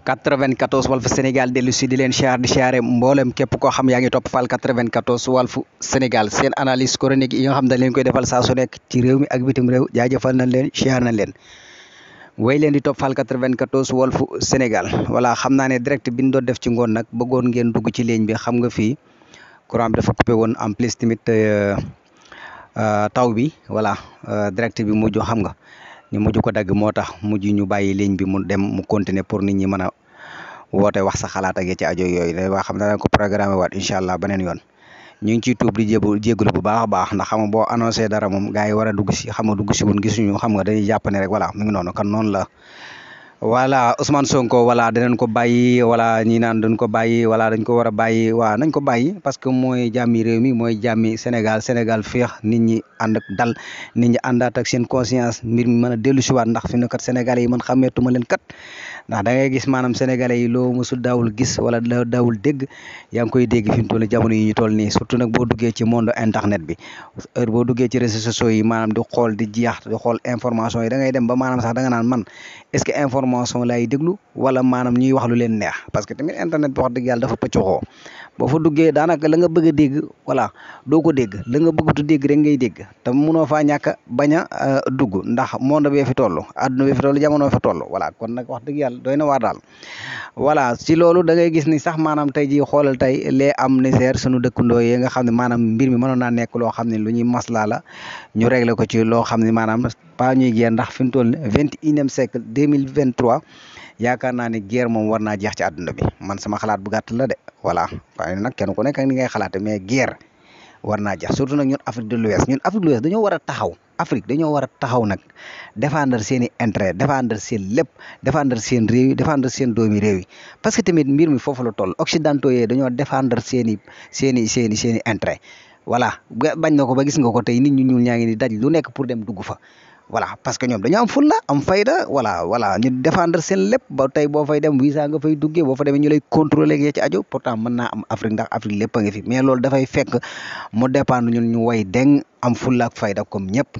94 Walf Sénégal dellu si di leen siyaar di siyaare mboolem képp koo xam yaa ngi topp Fall 94 Walf Sénégal seen analyse chronique yi nga xam dañ leen koy defal saa su nekk ci réew mi ak bitim réew jaajëfal leen siyaar nañ leen way leen di topp Fall 94 Walf Sénégal voilà xam naa ne direct bi ñu def ci ngoon nag bëggoon ngeen dugg ci ligne bi xam nga fii courant bi dafa coupé woon en plus tamit euh, euh, taw bi voilà euh, direct bi mujj xam nga ñu mujj ko dagg moo tax mujj ñu bàyyi ligne bi mu dem mu continuer pour ni ñi mën a woote wax sa xalaat ak ci ajo yooyu day waa xam ne daan ko programme waat incha allah beneen yoon ñu ngi ciy tuub di jégalu bu baax a baax ndax xam nga boo annoncé dara moom gars yi war a si xam nga dugg si woon gisuñu xam nga dañuy jàpp ne rek voilà mu ngi noonu kan noonu la voilà Ousmane Sonko voilà danañ ko bàyyi voilà ñi naan duñ ko bàyyi voilà dañ ko war a bàyyi waaw nañ ko bàyyi parce que mooy jàmmi réew mi mooy jàmmi Sénégal Sénégal féex nit ñi ànd ak dal nit ñi àndaat ak seen conscience mbir mi mën a dellu siwaat ndax fi ne kat Sénégalais yi man xàmmeetuma leen kat ndax da ngay gis maanaam sénégalais yi loo mësul daawul gis wala daawul dégg yaa ngi koy dégg fi toll jamono yi ñu toll nii surtout nag boo duggee ci monde internet bi heure boo duggee ci réseaux sociaux yi maanaam di xool di jiyaax di xool information yi da dem ba maanaam sax da nga naan man est-ce que information lay déglu wala maanaam ñuy wax lu leen neex parce que tamit internet bi wax dëgg yàlla dafa pëccoxoo boo fa duggee daanaka la nga bëgg a dégg voilà doo ko dégg la nga bëggut a dégg rek ngay dégg tam munoo faa ñàkk bañ a euh, dugg ndax monde bee fi toll adduna bee fi toll jamono fi toll voilà kon nag wax dëgg yàlla doy na daal voilà si loolu da ngay gis ni sax maanaam tey ji xoolal tey lee am ni seer dëkkandoo yi nga xam ne maanaam mbir mi mënoon naa nekk loo xam ne lu ñuy maslaa la ñu réglé ko ci loo xam ne maanaam paa ñuy génn ndax fi mu toll vingt et unième siècle deux mille vingt-trois yaakaar naa ne guerre moom war naa jeex ci àdduna bi man sama xalaat bu gàtt la de voilà waaye nag kenn ku nekk ak ni ngay xalaate mais guerre war naa jeex surtout nag ñun Afrique de l'Ouest ñun Afrique de l'Ouest dañoo war a taxaw Afrique dañoo war a taxaw nag défendre seen i intérêt défendre seen lépp défendre seen réew yi seen doomi réew yi parce que tamit mbir mi foofu la toll occidentaux yee dañoo défendre seen seeni seen i seen i bañ na ko ba gis nga ko tey nit ñu ñuul ñaa ngi ni daj lu nekk pour dem dugg fa voilà parce que ñoom dañu am fulla am fayda voilà voilà ñu défendre seen lépp ba tey boo fay dem visa nga fay duggee boo fa demee ñu lay contrôler nga ci aju pourtant mën na am Afrique ndax Afrique lépp a ngi fi mais loolu dafay fekk mu dépendre ñun ñu way deng am fulla ak fayda comme ñëpp